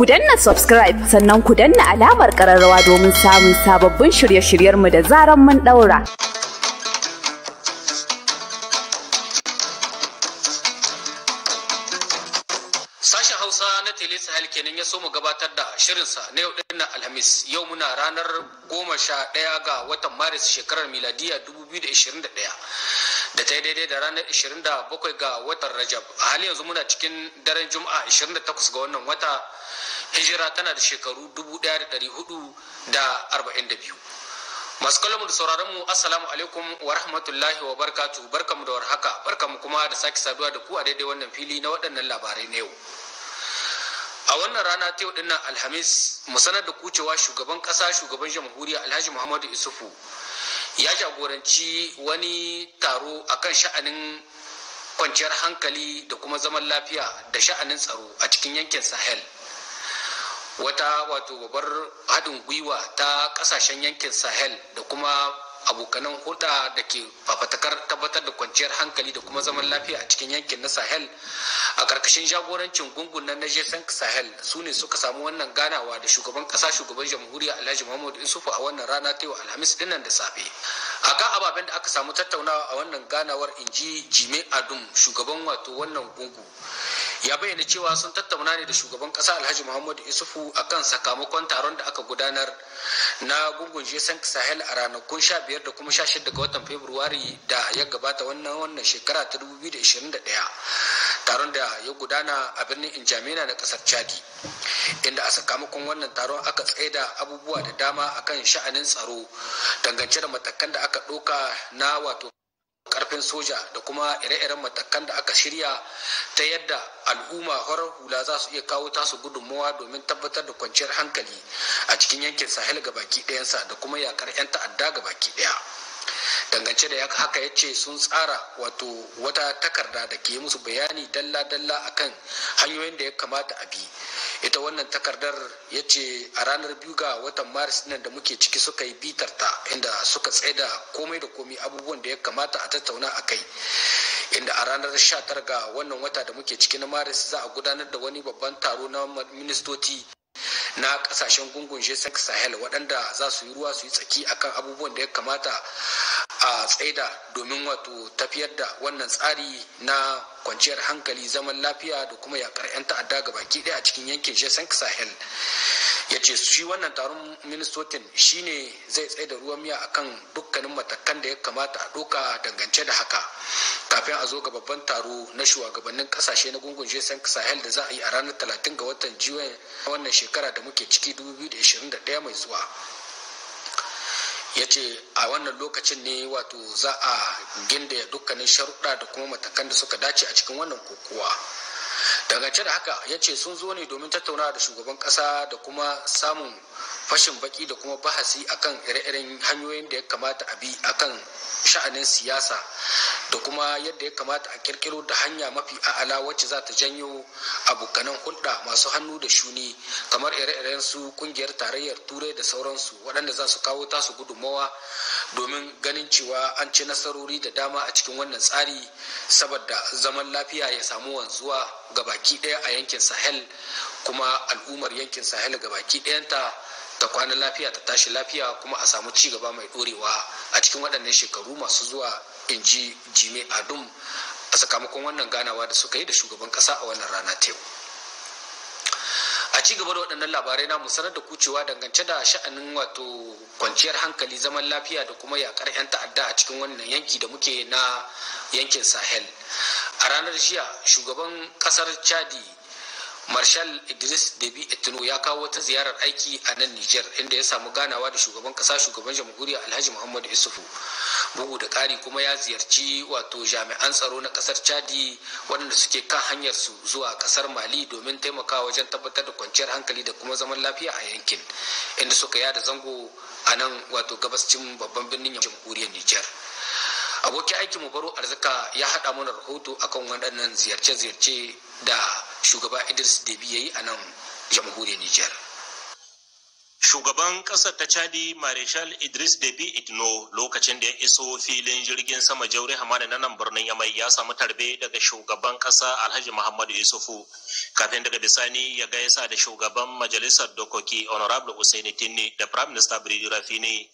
Ku danna subscribe sannan ku danna alamar ƙararrawa domin samun sababbin shirye-shiryenmu da zaran mun ɗaura. Sashen Hausa na Tele Sahel kenan ya so mu gabatar da shirinsa na yau ɗin Alhamis yau muna ranar goma sha ɗaya ga watan Maris shekarar miladiya 2021. da ta daidai da ranar 27 ga watan Rajab a hali yanzu muna cikin daren Juma'a 28 ga wannan wata hijira tana da shekaru da hudu arba'in 1442 masu kallon da sauraron mu assalamu alaikum wa rahmatullahi wa barkatu barkamu da warhaka barkamu kuma da sake saduwa da ku a daidai wannan fili na waɗannan labarai na yau a wannan rana ta yau dinnan alhamis mu sanar da kucewa shugaban ƙasa shugaban jamhuriya alhaji muhammadu isufu ya jagoranci wani taro akan sha'anin kwanciyar hankali da kuma zaman lafiya da sha'anin tsaro a cikin yankin sahel wata wato babbar haɗin gwiwa ta ƙasashen yankin sahel da kuma abokanan hulɗa da ke fafatakar tabbatar da kwanciyar hankali da kuma zaman lafiya a cikin yankin na sahel a ƙarƙashin jagorancin gungun na najesan sahel su ne suka samu wannan ganawa da shugaban ƙasa shugaban jamhuriya alhaji muhammadu isufu a wannan rana ta yau alhamis dinnan da safe a kan ababen da aka samu tattaunawa a wannan ganawar inji jime adum shugaban wato wannan gungu ya bayyana cewa sun tattauna ne da shugaban kasa alhaji muhammadu isufu kan sakamakon taron da aka gudanar na gungun jesan sahel a ranakun 15 da kuma 16 ga watan februari da ya gabata wannan wannan shekara ta 2021 taron da ya gudana a birnin injamina na kasar chadi inda a sakamakon wannan taron aka tsaida abubuwa da dama akan sha'anin tsaro dangance da matakan da aka ɗauka na wato karfin soja da kuma ire-iren matakan da aka shirya ta yadda al'umma horar hula za su iya kawo tasu gudunmawa domin tabbatar da kwanciyar hankali a cikin yankin sahel ga baki ɗayansa da kuma yakar 'yan ta'adda ga baki ɗaya dangance da haka ya ce sun tsara wato wata takarda da ke musu bayani dalla-dalla akan hanyoyin da ya kamata a bi ita wannan takardar ya ce a ranar biyu ga watan maris nan da muke ciki suka yi bitar ta inda suka da komai da komai abubuwan da ya kamata a tattauna a kai inda a ranar 19 ga wannan wata da muke ciki na maris za a gudanar da wani babban taro na ministoci na kasashen gungun g sahel waɗanda za su yi ruwa su yi tsaki akan abubuwan da ya kamata a tsaida domin wato tafiyar da wannan tsari na kwanciyar hankali zaman lafiya da kuma yakar 'yan ta'adda ga baki ɗaya a cikin yankin jason sahel ya ce shi wannan taron shi shine zai tsaida ruwan miya akan dukkanin matakan da ya kamata a doka dangance da haka kafin a zo ga babban taro na shugabannin kasashe na gungun jason sahel da za a yi a ranar 30 ga watan jiwon wannan shekara da muke ciki 2021 mai zuwa ya ce a wannan lokacin ne wato za a gindaya dukkanin sharuɗa da kuma matakan da suka dace a cikin wannan kokowa daga da haka ya ce sun zo ne domin tattaunawa da shugaban ƙasa da kuma samun fashin baki da kuma bahasi akan ire-iren hanyoyin da ya kamata a bi a kan sha'anin siyasa da kuma yadda ya kamata a kirkiro da hanya mafi a'ala wacce za ta janyo abokanan hulɗa masu hannu da shuni kamar ire-iren su kungiyar tarayyar turai da sauransu waɗanda za su kawo tasu gudummawa domin ganin cewa an ci nasarori da dama a cikin wannan tsari saboda zaman lafiya ya samu wanzuwa ga baki ɗaya a yankin sahel kuma al'ummar yankin sahel ga baki ɗayanta Da kwanan lafiya ta tashi lafiya kuma a samu ci gaba mai ɗorewa a cikin waɗannan shekaru masu zuwa in ji jime adum a sakamakon wannan ganawa da suka yi da shugaban ƙasa a wannan rana ta yau a ci gaba da waɗannan labarai na sanar da kucewa dangance da sha'anin wato kwanciyar hankali zaman lafiya da kuma yakar 'yan ta'adda a cikin wannan yanki da muke na yankin sahel a ranar jiya shugaban ƙasar chadi marshal idris debi etino ya kawo wata ziyarar aiki a nan niger inda ya samu ganawa da shugaban kasa shugaban jamhuriya alhaji muhammadu isufu bugu da kari kuma ya ziyarci wato jami'an tsaro na kasar chadi waɗanda suke kan hanyar su zuwa kasar mali domin taimakawa wajen tabbatar da kwanciyar hankali da kuma zaman lafiya a yankin inda suka yada zango a nan wato gabascin babban birnin jamhuriyar niger abokin mu baro arzika ya hada mana rahoto akan waɗannan ziyarce-ziyarce da shugaba idris debi ya yi a nan jamhuriyar nijar Shugaban ƙasar ta Chadi marshal Idris debi Itno lokacin da ya iso filin jirgin sama jauri Hamada na nan birnin Yamai ya samu tarbe daga shugaban kasa Alhaji Muhammadu Isufu kafin daga bisani ya gaisa da shugaban majalisar dokoki Honorable Usaini Tinni da Prime Minister Biriji Rafini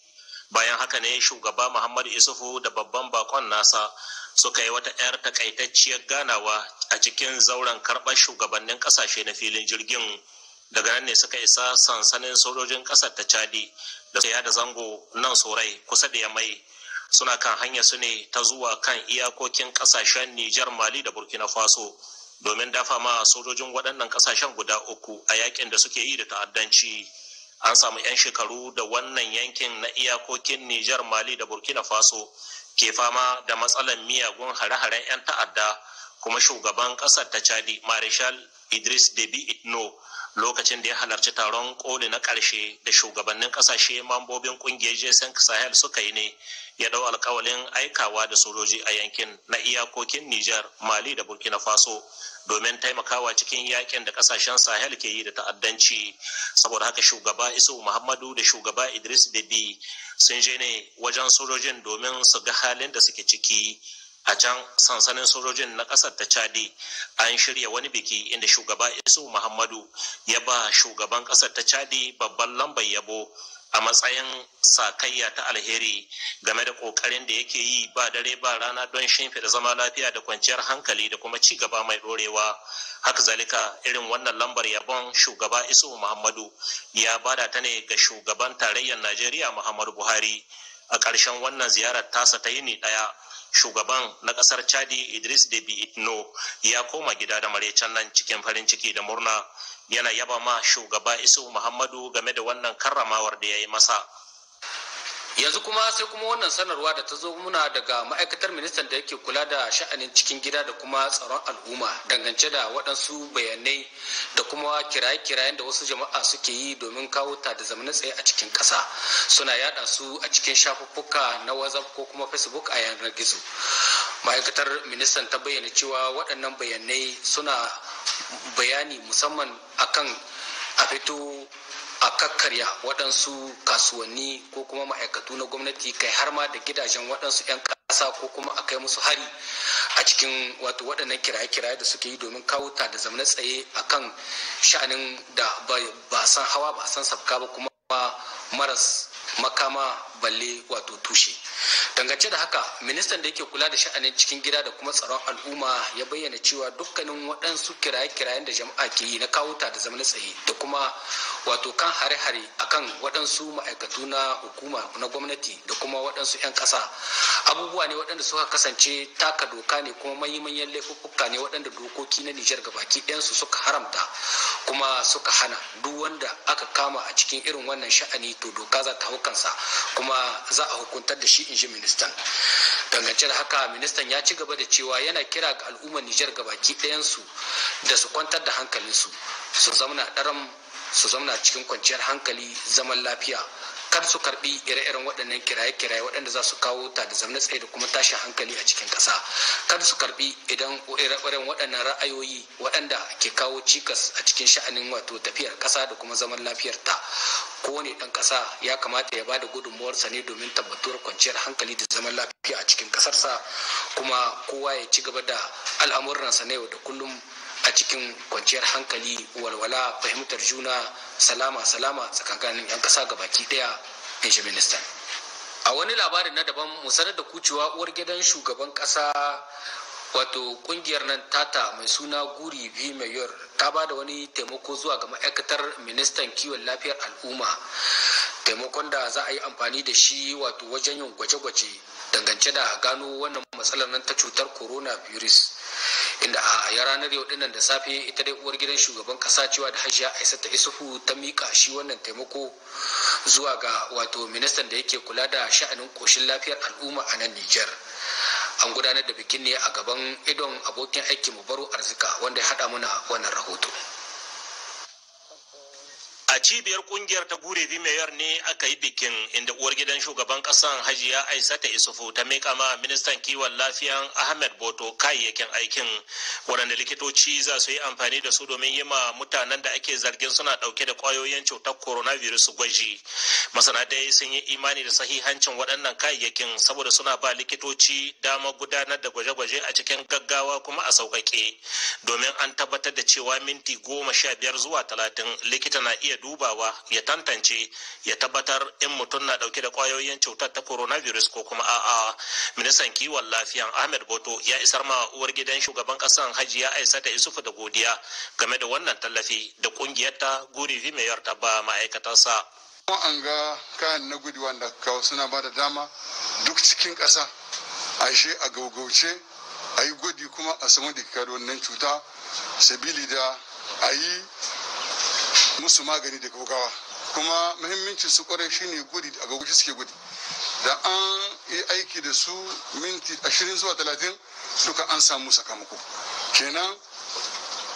bayan haka ne shugaba muhammadu isufu da babban bakon nasa suka yi wata 'yar takaitacciyar ganawa a cikin zauren karɓar shugabannin ƙasashe na filin jirgin daga nan ne suka isa sansanin sojojin ƙasar ta chadi da su da zango nan sorai kusa da yamai suna kan hanya su ne ta zuwa kan iyakokin ƙasashen nijar mali da burkina faso domin dafa ma sojojin waɗannan ƙasashen guda uku a yakin da suke yi da ta'addanci an samu 'yan shekaru da wannan yankin na iyakokin Nijar Mali da Burkina Faso ke fama da matsalar miyagun hare-haren 'yan ta'adda kuma shugaban ƙasar ta Chadi Marishal Idris Deby Itno lokacin da ya halarci taron koli na ƙarshe da shugabannin ƙasashe mambobin ƙungiyar jason sahel suka yi ne ya dau alkawalin aikawa da sojoji a yankin na iyakokin niger mali da burkina faso domin taimakawa cikin yakin da kasashen sahel ke yi da ta'addanci saboda haka shugaba isu muhammadu da shugaba idris bebi sun je ne wajen sojojin domin su ga halin da suke ciki a can sansanin sojojin na ƙasar ta chadi an shirya wani biki inda shugaba isu muhammadu ya ba shugaban ƙasar ta chadi babban lambar yabo a matsayin sakayya ta alheri game da kokarin da yake yi ba dare ba rana don shimfiɗa zama lafiya da kwanciyar hankali da kuma ci gaba mai ɗorewa haka zalika irin wannan lambar yabon shugaba isu muhammadu ya bada ta ne ga shugaban tarayyar najeriya muhammadu buhari a ƙarshen wannan ziyarar tasa ta ni ɗaya shugaban na kasar chadi idris debi itno ya koma gida da maraicen nan cikin farin ciki da murna yana yaba ma shugaba isu muhammadu game da wannan karramawar da ya yi masa yanzu kuma sai kuma wannan sanarwa da ta zo muna daga ma'aikatar ministan da yake kula da sha'anin cikin gida da kuma tsaron al'umma dangance da waɗansu bayanai da kuma kiraye-kirayen da wasu jama'a suke yi domin kawo ta da zamanin tsaye a cikin ƙasa suna yada su a cikin shafuffuka na whatsapp ko kuma facebook a yanar gizo ma'aikatar ministan ta bayyana cewa waɗannan bayanai suna bayani musamman akan a fito a kakkarya waɗansu kasuwanni ko kuma ma'aikatu na gwamnati kai har ma da gidajen waɗansu 'yan ƙasa ko kuma a kai musu hari a cikin wato waɗannan kiraye-kiraye da suke yi domin kawo ta da zamana tsaye a kan sha'anin da ba san hawa ba san sabka ba kuma maras makama balle wato tushe dangance da haka ministan da yake kula da sha'anin cikin gida da kuma tsaron al'umma ya bayyana cewa dukkanin waɗansu kiraye-kirayen da jama'a ke yi na kawuta da zaman tsaye da kuma wato kan hare-hare akan waɗansu ma'aikatu na hukuma na gwamnati da kuma waɗansu 'yan ƙasa abubuwa ne waɗanda suka kasance taka doka ne kuma manyan laifuffuka ne waɗanda dokoki na nijar gabaki ɗayansu suka haramta kuma suka hana duk wanda aka kama a cikin irin wannan sha'ani to doka za ta hau kansa kuma za a hukuntar da shi in ji ministan dangance da haka ministan ya ci gaba da cewa yana kira ga al'ummar nijar gabaki ɗayansu da su kwantar da hankalinsu su zamana ɗaram su zamana cikin kwanciyar hankali zaman lafiya kar su karbi ire-iren waɗannan kiraye-kiraye waɗanda za su kawo ta da zamna tsaye da kuma tashin hankali a cikin ƙasa kar su karbi idan ire-iren waɗannan ra'ayoyi waɗanda ke kawo cikas a cikin sha'anin wato tafiyar ƙasa da kuma zaman lafiyar ta kowane ɗan ƙasa ya kamata ya bada gudunmuwarsa ne domin tabbatuwar kwanciyar hankali da zaman lafiya a cikin ƙasarsa kuma kowa ya ci gaba da al'amuransa na yau da kullum a cikin kwanciyar hankali walwala fahimtar juna salama salama tsakanin 'yan ƙasa baki daya in shi ministan a wani labarin na daban mu sanar da kucewa uwar gidan shugaban kasa wato kungiyar nan tata mai suna guri v mayor ta ba da wani taimako zuwa ga ma'aikatar ministan kiwon lafiyar al'umma taimakon da za a yi amfani da shi wato wajen yin gwaje-gwaje dangance da gano wannan matsalar nan ta cutar coronavirus inda a ya ranar yau dinnan da safe ita dai uwar gidan shugaban kasa cewa da hajiya ta isufu ta mika shi wannan taimako zuwa ga wato ministan da yake kula da sha'anin koshin lafiyar al'umma a nan nijar an gudanar da bikin ne a gaban idon abokin aikin mu baro arzika wanda ya haɗa mana wannan rahoto a cibiyar kungiyar ta gure mayor ne aka yi bikin inda uwar gidan shugaban kasan hajiya aisata isufu ta mika ma ministan kiwon lafiyan ahmed boto kayayyakin aikin waɗanda likitoci za su yi amfani da su domin yi ma mutanen da ake zargin suna ɗauke da ƙwayoyin cutar coronavirus gwaji masana dai sun yi imani da sahihancin waɗannan kayayyakin saboda suna ba likitoci dama gudanar da gwaje-gwaje a cikin gaggawa kuma a sauƙaƙe domin an tabbatar da cewa minti goma sha biyar zuwa talatin likita na iya dubawa ya tantance ya tabbatar in mutum na dauke da kwayoyin cutar ta coronavirus ko kuma a'a ministan kiwon lafiyan ahmed boto ya isar ma uwar gidan shugaban kasan hajiya aisata isufu da godiya game da wannan tallafi da kungiyar ta guri vimeyar ta ba ma'aikatarsa an ga kayan na gudu wanda kawo suna ba da dama duk cikin ƙasa ashe a gaugauce a yi gudu kuma a samu da wannan cuta sabili da a yi musu magani daga gaugawa kuma muhimmancin su kwarai shine gudi a gaugashi suke gudi da an yi aiki da su minti ashirin zuwa talatin duka an samu sakamako kenan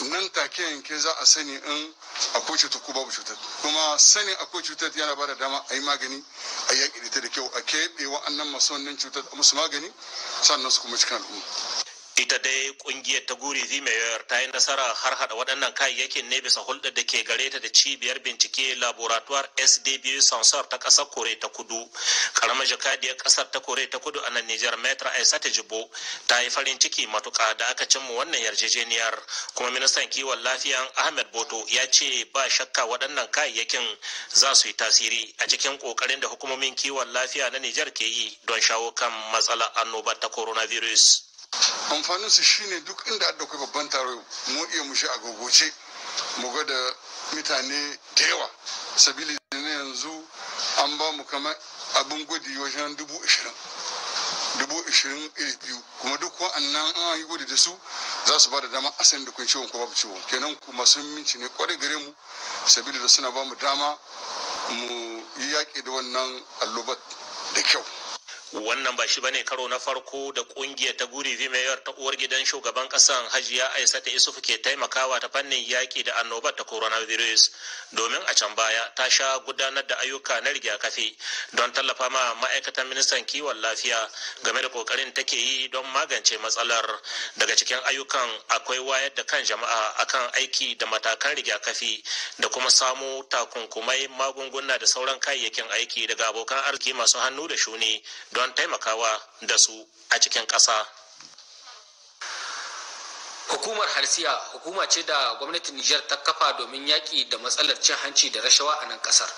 nan take yanke za a sani in akwai cutar ko babu cutar kuma sanin akwai cutar yana ba da dama a yi magani a yaƙi da ta da kyau a keɓe wa'annan masu wannan cutar a musu magani sannan su kuma cikin al'umma ita dai kungiyar ta guri zimayar ta yi nasara har hada waɗannan kayayyakin ne bisa hulɗa da ke gare ta da cibiyar bincike laboratoire sdb sansar ta ƙasar kore ta kudu karamar jakadiyar ƙasar ta kore ta kudu a nan nijar metra aisata jibo ta yi farin ciki matuƙa da aka cimma wannan yarjejeniyar kuma ministan kiwon lafiya ahmed boto ya ce ba shakka waɗannan kayayyakin za su yi tasiri a cikin ƙoƙarin da hukumomin kiwon lafiya na nijar ke yi don shawo kan matsalar annobar ta coronavirus. amfanin su shine duk inda adda kai babban taro mu iya mushi a gogoce mu ga da mutane da yawa sabili da yanzu an ba mu kamar abin gwadi wajen dubu ishirin dubu ishirin iri biyu kuma duk wa'annan an yi gudi da su za su ba da dama a san da kun ciwon ko babu ciwon kenan kuma sun minci ne kwarai gare mu sabili da suna ba mu dama mu yi yaƙi da wannan allobat da kyau wannan ba shi bane karo na farko da kungiyar ta guri vimeyar ta uwar gidan shugaban kasan hajiya ta isuf ke taimakawa ta fannin yaki da annobar ta coronavirus domin a can baya ta sha gudanar da ayyuka na rigakafi don tallafa ma ma'aikatan ministan kiwon lafiya game da kokarin take yi don magance matsalar daga cikin ayyukan akwai wayar da kan jama'a akan aiki da matakan rigakafi da kuma samo takunkumai magunguna da sauran kayayyakin aiki daga abokan arziki masu hannu da shuni don don taimakawa da su a cikin ƙasa hukumar harsiya hukuma ce da gwamnatin nijar ta kafa domin yaƙi da matsalar cin hanci da rashawa a nan kasar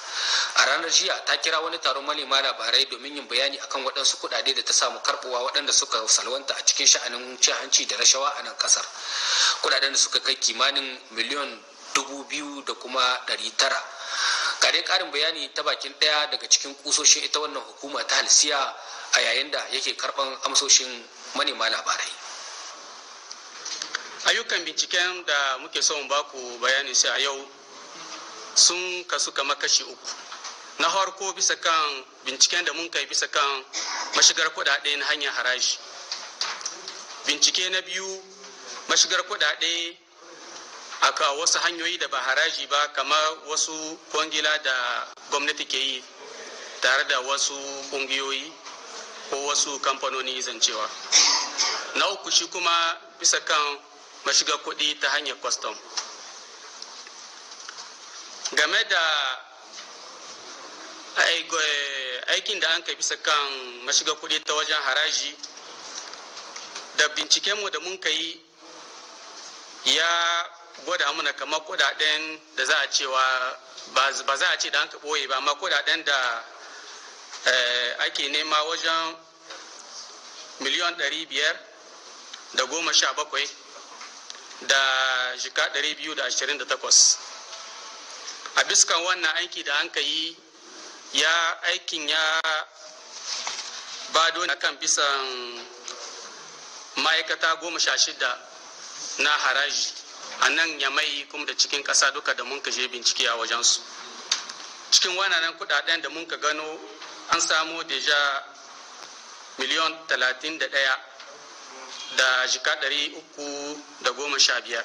a ranar jiya ta kira wani taron manema labarai domin yin bayani akan waɗansu kuɗaɗe da ta samu karɓuwa waɗanda suka salwanta a cikin sha'anin cin hanci da rashawa a nan kasar kuɗaɗen da suka kai kimanin miliyon dubu biyu da kuma ɗari tara kare karin bayani ta bakin daya daga cikin kusoshin ita wannan hukuma ta halsiya a yayin da yake karban amsoshin manema labarai ayyukan binciken da muke son baku bayani sai a yau sun kasu kama kashi uku na harko bisa kan binciken da mun kai bisa kan mashigar kudade na hanyar haraji bincike na biyu mashigar kudade aka wasu hanyoyi da ba haraji ba kamar wasu kwangila da gwamnati ke yi tare da wasu kungiyoyi ko wasu kamfanoni zancewa na uku shi kuma bisa kan mashiga kuɗi ta hanyar kwastam game da eh, aikin da an kai bisa kan mashiga kuɗi ta wajen haraji da bincikenmu da mun kai ya gwada mana kamar kudaden da za a cewa ba za a ce da an ka ɓoye ba amma kudaden da eh, ake nema wajen miliyan ɗari biyar da goma sha bakwai da jika ɗari biyu da ashirin da takwas a biskan wannan aiki da an ka yi ya aikin ya bado na kan bisan ma'aikata goma sha shida na haraji a nan yamai kuma da cikin ƙasa duka da mun je bincike a wajensu cikin wannan kudaden da mun ka gano an samo deja miliyon talatin da ɗaya da jika ɗari uku da goma sha biyar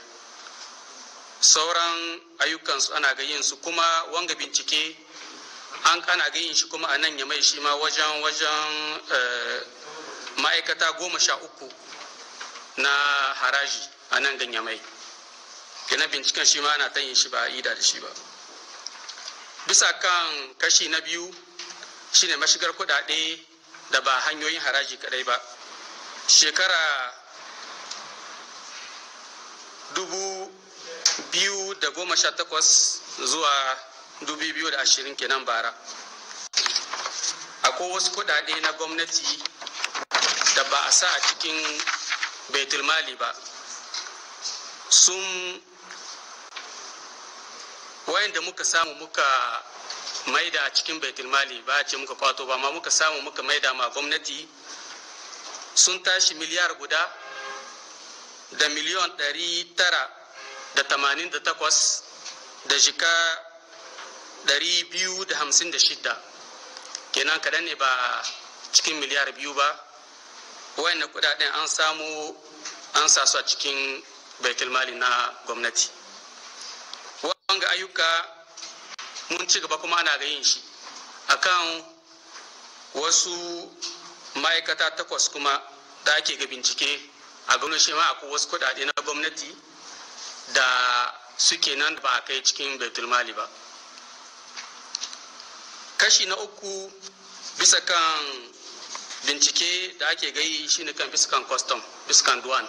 sauran ayyukansu ana ga yin su kuma wanga bincike an kana ga yin shi kuma a nan yamai shi ma wajen wajen eh, ma'aikata goma sha uku na haraji a nan ganyamai na binciken shi ma ana ta yin shi ba a ida da shi ba bisa kan kashi na biyu shine mashigar kudade da ba hanyoyin haraji kadai ba shekara dubu biyu da goma sha takwas zuwa dubu biyu da ashirin kenan bara akwai wasu kudade na gwamnati da ba a sa a cikin baitulmali ba sun wayanda muka samu muka maida a cikin baitulmali ba ce muka kwato ba ma muka samu muka maida ma gwamnati sun tashi miliyar guda da miliyon ɗari tara da tamanin da takwas da jika ɗari biyu da hamsin da shida kenan kaɗan ne ba cikin miliyar biyu ba wayannan kuɗaɗen an samu an sasu su a cikin baitulmali na gwamnati wanga ayyuka mun ci gaba kuma ana yin shi akan wasu ma'aikata takwas kuma da ake ga bincike a gano shi ma a wasu kudade na gwamnati da suke nan ba a kai cikin mali ba kashi na uku bisa kan bincike da ake gayi shine kan bisa kan custom bisa kan duwan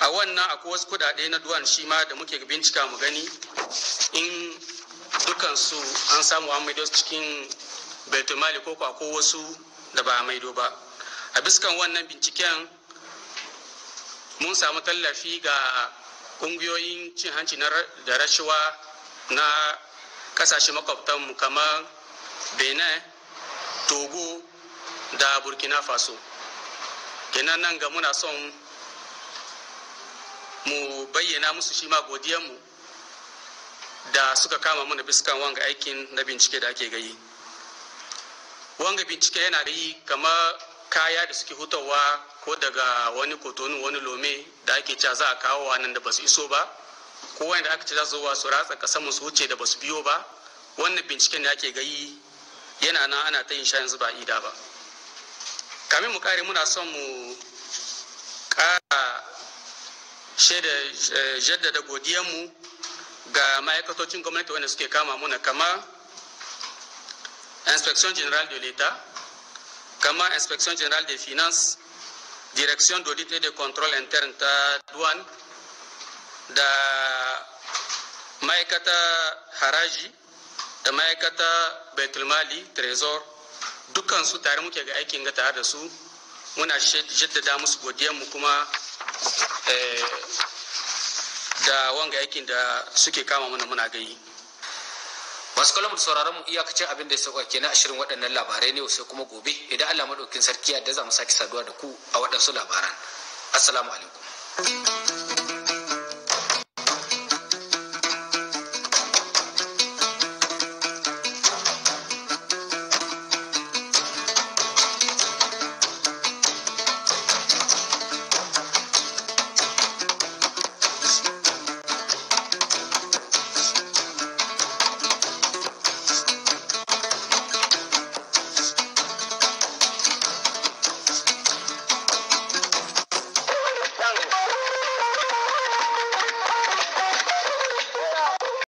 a wannan akwai wasu kudade na duwan shi ma da muke bincika mu gani in dukansu an samu an maido cikin baitulmali ko ko wasu da ba a maido ba a biskan wannan binciken mun samu tallafi ga ƙungiyoyin cin hanci da rashewa na kasashe makwabtanmu kamar benin togo da burkina faso kenan nan ga muna son mu bayyana musu shi ma godiyanmu da suka kama mana biskan wanga aikin na bincike da ake gayi wanga bincike yana da yi kama kaya da suke hutawa ko daga wani kotonu wani lome da ake cewa za a kawo nan da ba su iso ba ko wanda aka ce za su su ratsa kasa su wuce da ba su biyo ba wannan binciken da ake gayi yana nan ana ta yin sha yanzu ba ida ba kamin mu kare muna son mu ƙarshe da eh, jaddada godiyanmu ga ma'aikatocin gwamnati wanda suke kama muna kama inspection general de l'etat kama inspection general de finance direction d'audit et de control interne ta douane da ma'aikata haraji da ma'aikata baitulmali trésor dukkan su tare muke ga aikin ga tare da su muna jaddada musu godiyanmu kuma da eh, wanga aikin da suke kama mana muna gayi masu kalamu da sauraron mu iyakacin abin da ya sauka kenan ashirin waɗannan labarai ne sai kuma gobe idan Allah madaukin sarki ya da za mu sake saduwa da ku a waɗansu labaran assalamu alaikum